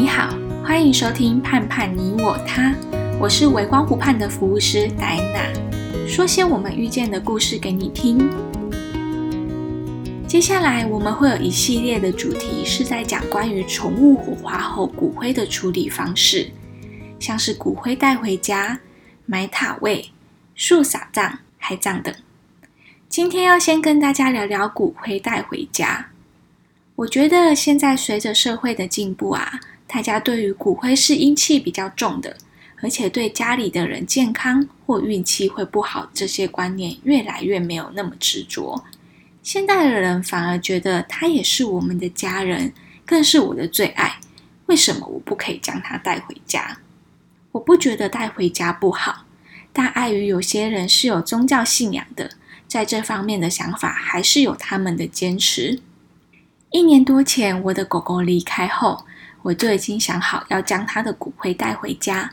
你好，歡迎收聽《盼盼你我他》，我是微光湖盼的服務師戴娜，說些我們遇見的故事給你聽。接下來我們會有一系列的主題，是在講關於寵物火化後骨灰的處理方式，像是骨灰帶回家、埋塔位、樹撒葬、海葬等。今天要先跟大家聊聊骨灰帶回家。我覺得現在隨着社會的進步啊。大家對於骨灰是陰氣比較重的，而且對家裡的人健康或運氣會不好，這些觀念越來越沒有那麼執着。現代的人反而覺得它也是我們的家人，更是我的最愛。為什麼我不可以將它帶回家？我不覺得帶回家不好，但礙於有些人是有宗教信仰的，在這方面的想法還是有他們的堅持。一年多前，我的狗狗離開後。我就已經想好要將他的骨灰帶回家，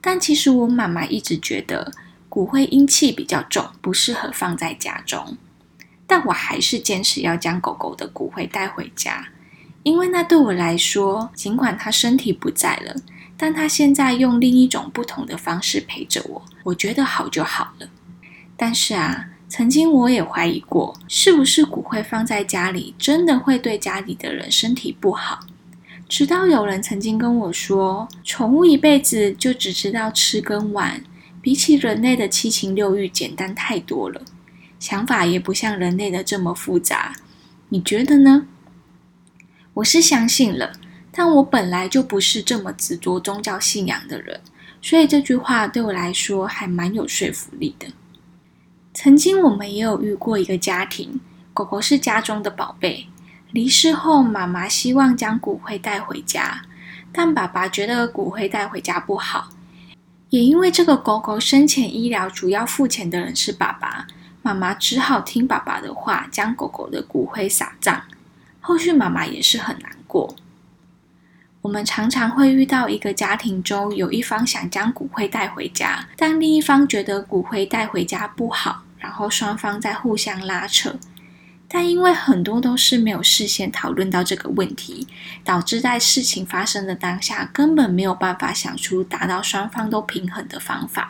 但其實我媽媽一直覺得骨灰陰氣比較重，不適合放在家中。但我還是堅持要將狗狗的骨灰帶回家，因為那對我來說，儘管他身體不在了，但他現在用另一種不同的方式陪着我，我覺得好就好了。但是啊，曾經我也懷疑過，是不是骨灰放在家裡真的會對家裡的人身體不好？直到有人曾經跟我說，寵物一輩子就只知道吃跟玩，比起人類的七情六慾簡單太多了，想法也不像人類的這麼複雜。你覺得呢？我是相信了，但我本來就不是這麼執着宗教信仰的人，所以這句話對我來說還蠻有說服力的。曾經我們也有遇過一個家庭，狗狗是家中的寶貝。離世後，媽媽希望將骨灰帶回家，但爸爸覺得骨灰帶回家不好。也因為這個狗狗生前醫療主要付錢的人是爸爸，媽媽只好聽爸爸的話，將狗狗的骨灰撒葬。後續媽媽也是很難過。我們常常會遇到一個家庭中有一方想將骨灰帶回家，但另一方覺得骨灰帶回家不好，然後雙方再互相拉扯。但因為很多都是沒有事先討論到這個問題，導致在事情發生的當下根本沒有辦法想出達到雙方都平衡的方法。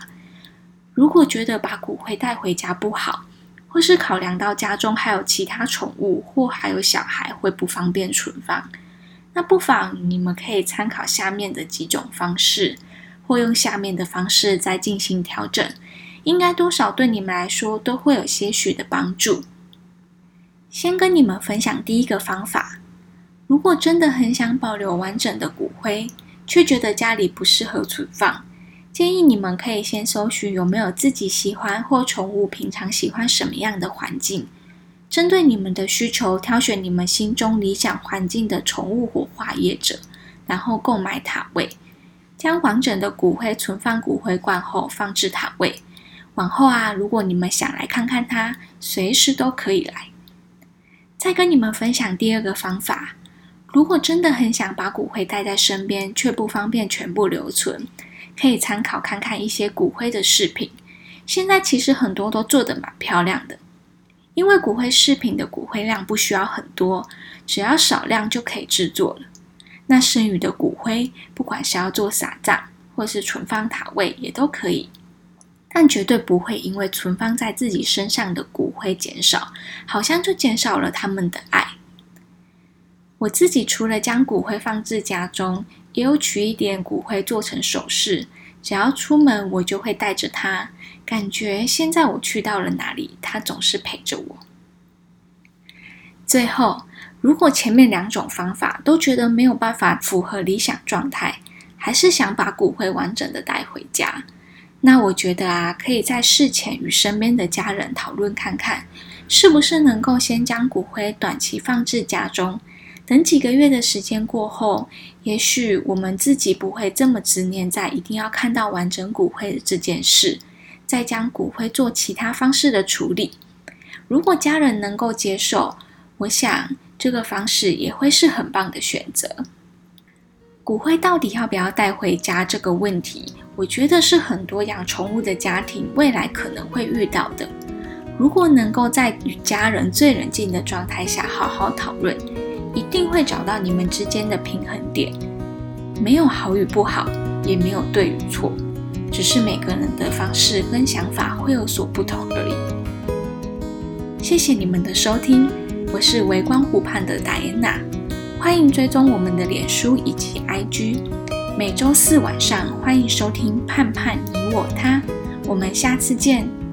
如果覺得把骨灰帶回家不好，或是考量到家中還有其他寵物或還有小孩會不方便存放，那不妨你們可以參考下面的幾種方式，或用下面的方式再進行調整，應該多少對你們來說都會有些許的幫助。先跟你們分享第一個方法。如果真的很想保留完整的骨灰，卻覺得家裡不適合存放，建議你們可以先搜尋有沒有自己喜歡或寵物平常喜歡什麼樣的環境，針對你們的需求，挑選你們心中理想環境的寵物火化業者，然後購買塔位，將完整的骨灰存放骨灰罐，後放置塔位。往後啊，如果你們想來看看它，隨時都可以來。再跟你們分享第二個方法，如果真的很想把骨灰帶在身邊，卻不方便全部留存，可以參考看看一些骨灰的飾品。現在其實很多都做得蠻漂亮的，因為骨灰飾品的骨灰量不需要很多，只要少量就可以製作了。那剩餘的骨灰，不管是要做撒葬或是存放塔位，也都可以。但絕對不會因為存放在自己身上的骨灰減少，好像就減少了他們的愛。我自己除了將骨灰放置家中，也有取一點骨灰做成首飾，只要出門我就會帶着它。感覺現在我去到了哪裡，它總是陪着我。最後，如果前面兩種方法都覺得沒有辦法符合理想狀態，還是想把骨灰完整的帶回家。那我覺得啊，可以在事前與身邊的家人討論看看，是不是能夠先將骨灰短期放置家中，等幾個月的時間過後，也許我們自己不會這麼執念在一定要看到完整骨灰的這件事，再將骨灰做其他方式的處理。如果家人能夠接受，我想這個方式也會是很棒的選擇。骨灰到底要不要帶回家這個問題，我覺得是很多養寵物的家庭未來可能會遇到的。如果能夠在與家人最冷靜的狀態下好好討論，一定會找到你們之間的平衡點。沒有好與不好，也沒有對與錯，只是每個人的方式跟想法會有所不同而已。謝謝你們的收聽，我是微光湖盼的戴安娜，歡迎追蹤我們的臉書以及 IG。每週四晚上，歡迎收聽《盼盼你我他》，我們下次見。